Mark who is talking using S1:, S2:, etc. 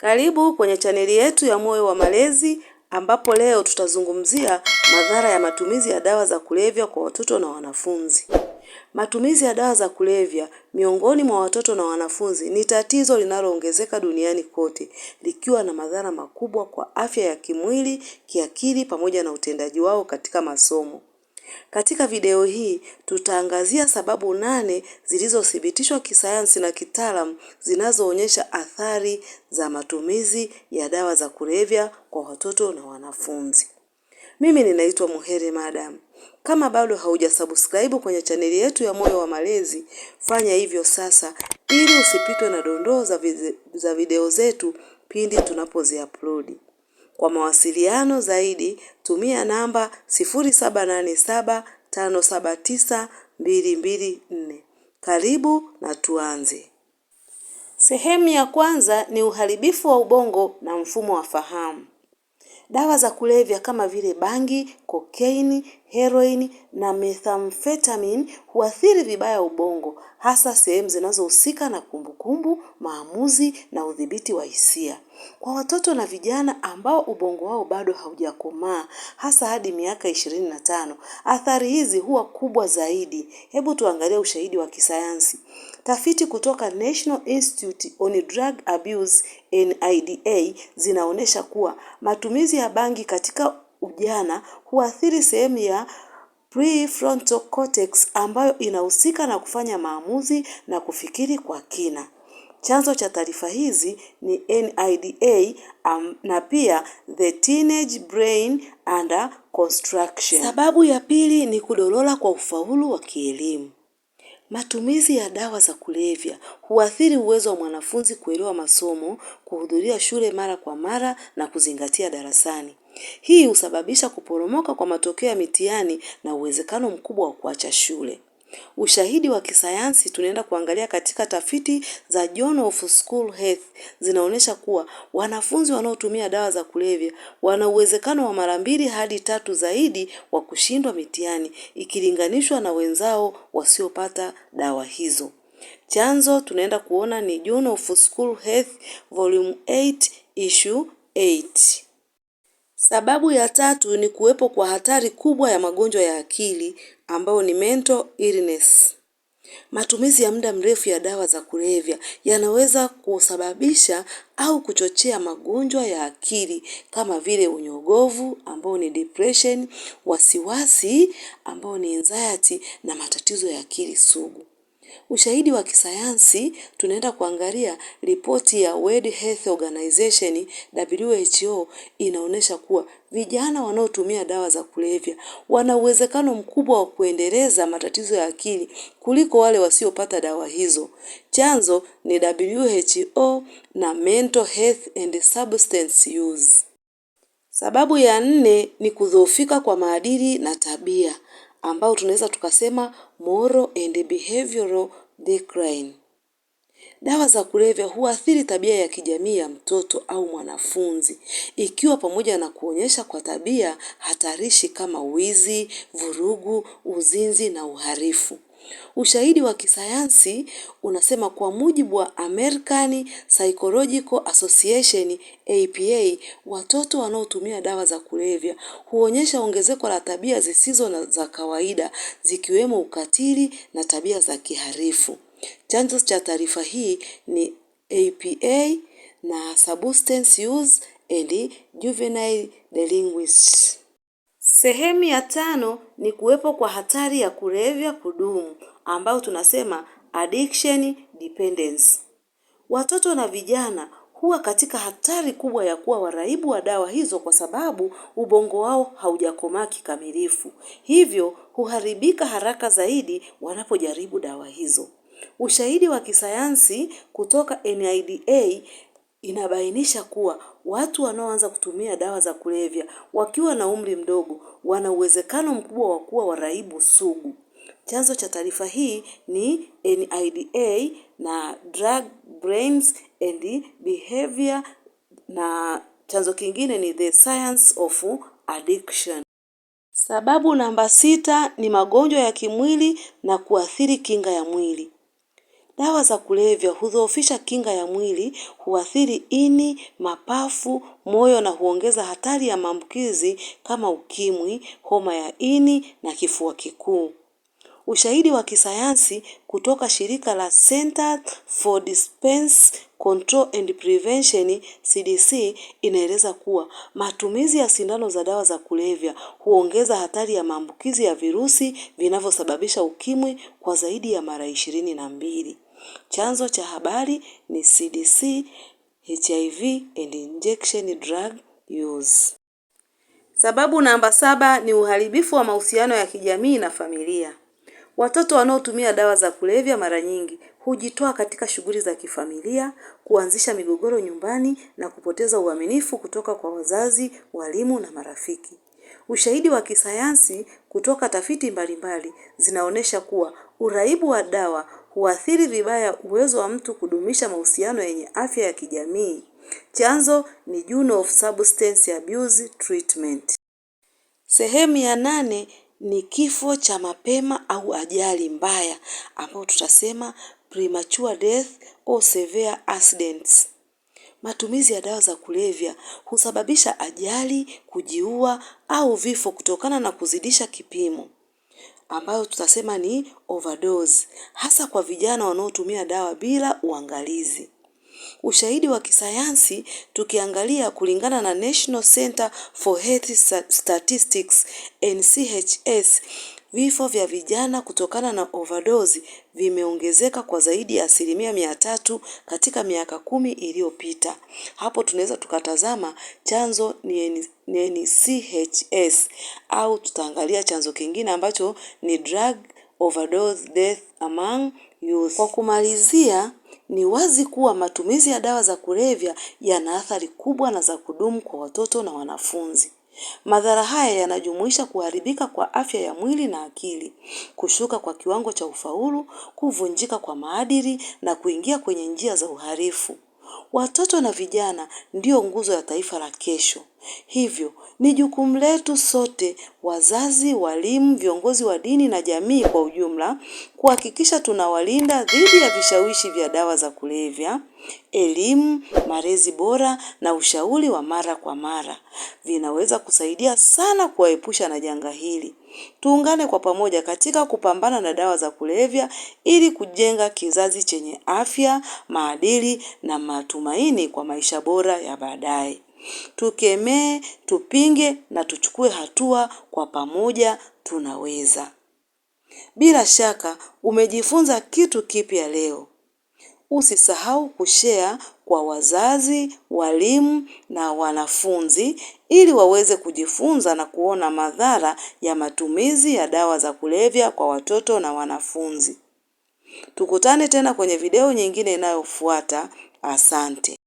S1: Karibu kwenye chaneli yetu ya Moyo wa Malezi ambapo leo tutazungumzia madhara ya matumizi ya dawa za kulevya kwa watoto na wanafunzi. Matumizi ya dawa za kulevya miongoni mwa watoto na wanafunzi ni tatizo linaloongezeka duniani kote, likiwa na madhara makubwa kwa afya ya kimwili, kiakili pamoja na utendaji wao katika masomo. Katika video hii tutaangazia sababu nane zilizothibitishwa kisayansi na kitaalamu zinazoonyesha athari za matumizi ya dawa za kulevya kwa watoto na wanafunzi. Mimi ninaitwa Muhere Madam. Kama bado haujasubscribe kwenye chaneli yetu ya Moyo wa Malezi, fanya hivyo sasa ili usipitwe na dondoo za video zetu pindi tunapoziupload. Kwa mawasiliano zaidi, tumia namba 0787579224. Karibu na tuanze.
S2: Sehemu ya kwanza ni uharibifu wa ubongo na mfumo wa fahamu. Dawa za kulevya kama vile bangi, kokeini heroin na methamphetamine huathiri vibaya ubongo, hasa sehemu zinazohusika na kumbukumbu, maamuzi na udhibiti wa hisia. Kwa watoto na vijana ambao ubongo wao bado haujakomaa, hasa hadi miaka ishirini na tano, athari hizi huwa kubwa zaidi. Hebu tuangalie ushahidi wa kisayansi. Tafiti kutoka National Institute on Drug Abuse NIDA zinaonyesha kuwa matumizi ya bangi katika ujana huathiri sehemu ya prefrontal cortex ambayo inahusika na kufanya maamuzi na kufikiri kwa kina. Chanzo cha taarifa hizi ni NIDA um, na pia the teenage brain under construction. Sababu ya pili ni kudorora kwa ufaulu wa kielimu. Matumizi ya dawa za kulevya huathiri uwezo wa mwanafunzi kuelewa masomo, kuhudhuria shule mara kwa mara na kuzingatia darasani. Hii husababisha kuporomoka kwa matokeo ya mitihani na uwezekano mkubwa wa kuacha shule. Ushahidi wa kisayansi tunaenda kuangalia katika tafiti za Journal of School Health zinaonyesha kuwa wanafunzi wanaotumia dawa za kulevya wana uwezekano wa mara mbili hadi tatu zaidi wa kushindwa mitihani ikilinganishwa na wenzao wasiopata dawa hizo. Chanzo tunaenda kuona ni Journal of School Health Volume 8 Issue 8. Sababu ya tatu ni kuwepo kwa hatari kubwa ya magonjwa ya akili ambayo ni mental illness. Matumizi ya muda mrefu ya dawa za kulevya yanaweza kusababisha au kuchochea magonjwa ya akili kama vile unyogovu ambao ni depression, wasiwasi ambao ni anxiety na matatizo ya akili sugu. Ushahidi wa kisayansi tunaenda kuangalia ripoti ya World Health Organization WHO inaonyesha kuwa vijana wanaotumia dawa za kulevya wana uwezekano mkubwa wa kuendeleza matatizo ya akili kuliko wale wasiopata dawa hizo. Chanzo ni WHO na Mental Health and Substance Use. Sababu ya nne ni kudhoofika kwa maadili na tabia ambao tunaweza tukasema moral and behavioral decline. Dawa za kulevya huathiri tabia ya kijamii ya mtoto au mwanafunzi, ikiwa pamoja na kuonyesha kwa tabia hatarishi kama wizi, vurugu, uzinzi na uhalifu. Ushahidi wa kisayansi unasema kwa mujibu wa American Psychological Association APA, watoto wanaotumia dawa za kulevya huonyesha ongezeko la tabia zisizo na za kawaida zikiwemo ukatili na tabia za kiharifu Chanzo cha taarifa hii ni APA na Substance Use and Juvenile Delinquency. Sehemu ya tano ni kuwepo kwa hatari ya kulevya kudumu ambayo tunasema addiction dependence. Watoto na vijana huwa katika hatari kubwa ya kuwa waraibu wa dawa hizo kwa sababu ubongo wao haujakomaa kikamilifu, hivyo huharibika haraka zaidi wanapojaribu dawa hizo. Ushahidi wa kisayansi kutoka NIDA inabainisha kuwa watu wanaoanza kutumia dawa za kulevya wakiwa na umri mdogo wana uwezekano mkubwa wa kuwa waraibu sugu. Chanzo cha taarifa hii ni NIDA na Drug Brains and Behavior, na chanzo kingine ni The Science of Addiction. Sababu namba sita ni magonjwa ya kimwili na kuathiri kinga ya mwili. Dawa za kulevya hudhoofisha kinga ya mwili, huathiri ini, mapafu, moyo na huongeza hatari ya maambukizi kama ukimwi, homa ya ini na kifua kikuu. Ushahidi wa kisayansi kutoka shirika la Center for Dispense Control and Prevention CDC inaeleza kuwa matumizi ya sindano za dawa za kulevya huongeza hatari ya maambukizi ya virusi vinavyosababisha ukimwi kwa zaidi ya mara ishirini na mbili. Chanzo cha habari ni CDC, HIV and Injection Drug Use. Sababu namba saba ni uharibifu wa mahusiano ya kijamii na familia. Watoto wanaotumia dawa za kulevya mara nyingi hujitoa katika shughuli za kifamilia, kuanzisha migogoro nyumbani na kupoteza uaminifu kutoka kwa wazazi, walimu na marafiki. Ushahidi wa kisayansi kutoka tafiti mbalimbali zinaonyesha kuwa Uraibu wa dawa huathiri vibaya uwezo wa mtu kudumisha mahusiano yenye afya ya kijamii. Chanzo ni Juno of Substance Abuse Treatment. Sehemu ya nane ni kifo cha mapema au ajali mbaya ambayo tutasema premature death or severe accidents. Matumizi ya dawa za kulevya husababisha ajali, kujiua au vifo kutokana na kuzidisha kipimo ambayo tutasema ni overdose, hasa kwa vijana wanaotumia dawa bila uangalizi. Ushahidi wa kisayansi tukiangalia, kulingana na National Center for Health Statistics NCHS, Vifo vya vijana kutokana na overdose vimeongezeka kwa zaidi ya asilimia mia tatu katika miaka kumi iliyopita. Hapo tunaweza tukatazama chanzo ni NCHS au tutaangalia chanzo kingine ambacho ni drug overdose death among youth. Kwa kumalizia, ni wazi kuwa matumizi ya dawa za kulevya yana athari kubwa na za kudumu kwa watoto na wanafunzi. Madhara haya yanajumuisha kuharibika kwa afya ya mwili na akili, kushuka kwa kiwango cha ufaulu, kuvunjika kwa maadili na kuingia kwenye njia za uhalifu. Watoto na vijana ndio nguzo ya taifa la kesho. Hivyo, ni jukumu letu sote, wazazi, walimu, viongozi wa dini na jamii kwa ujumla, kuhakikisha tunawalinda dhidi ya vishawishi vya dawa za kulevya, elimu, malezi bora na ushauri wa mara kwa mara vinaweza kusaidia sana kuwaepusha na janga hili. Tuungane kwa pamoja katika kupambana na dawa za kulevya ili kujenga kizazi chenye afya, maadili na matumaini kwa maisha bora ya baadaye. Tukemee, tupinge na tuchukue hatua kwa pamoja tunaweza. Bila shaka umejifunza kitu kipya leo usisahau kushare kwa wazazi, walimu na wanafunzi ili waweze kujifunza na kuona madhara ya matumizi ya dawa za kulevya kwa watoto na wanafunzi. Tukutane tena kwenye video nyingine inayofuata. Asante.